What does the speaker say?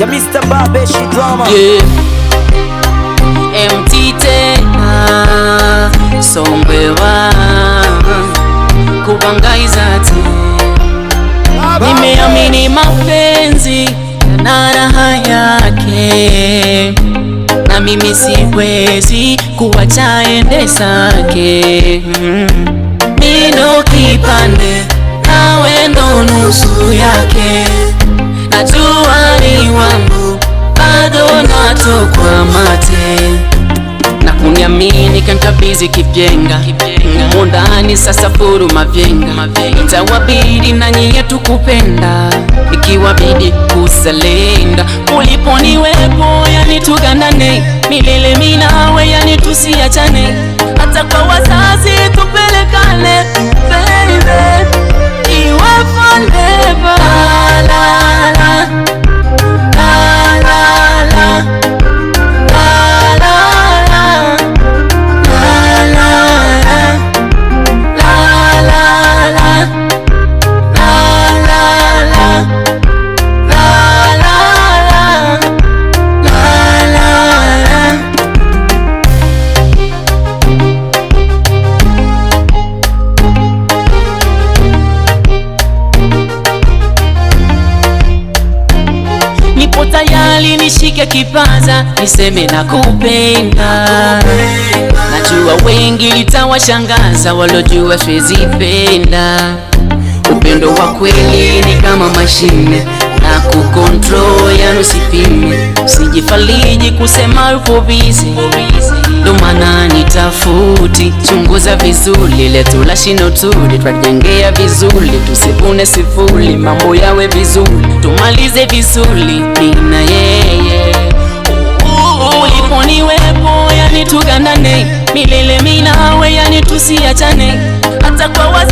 ya Mr. she drama yeah. MT tena sombewa kubangaiza te, nimeamini mapenzi yana raha yake, na mimi siwezi kuwacha ende zake mm-hmm. Mino kipande nawe ndo nusu yake Niamini kanitabizi kipyenga humo ndani sasa furuma vyenga, itawabidi na nyie tukupenda, ikiwabidi kusalenda. Uliponiwepo yani tuganane milele, minawe yani tusiachane, hata kwa wazazi tupelekane ili nishike kipaza niseme kupenda. Najua wengi litawashangaza walojua siwezi penda. Upendo wa kweli ni kama mashine na kukontrol, yani usipime, kusema upo busy tofauti. Chunguza vizuri letu shino tuli, twajengea vizuri, tusivune sifuri, mambo yawe vizuri, tumalize vizuri, na yeye uliponiwepo, yani tugandane milele minawe, yani tusiachane hata kwa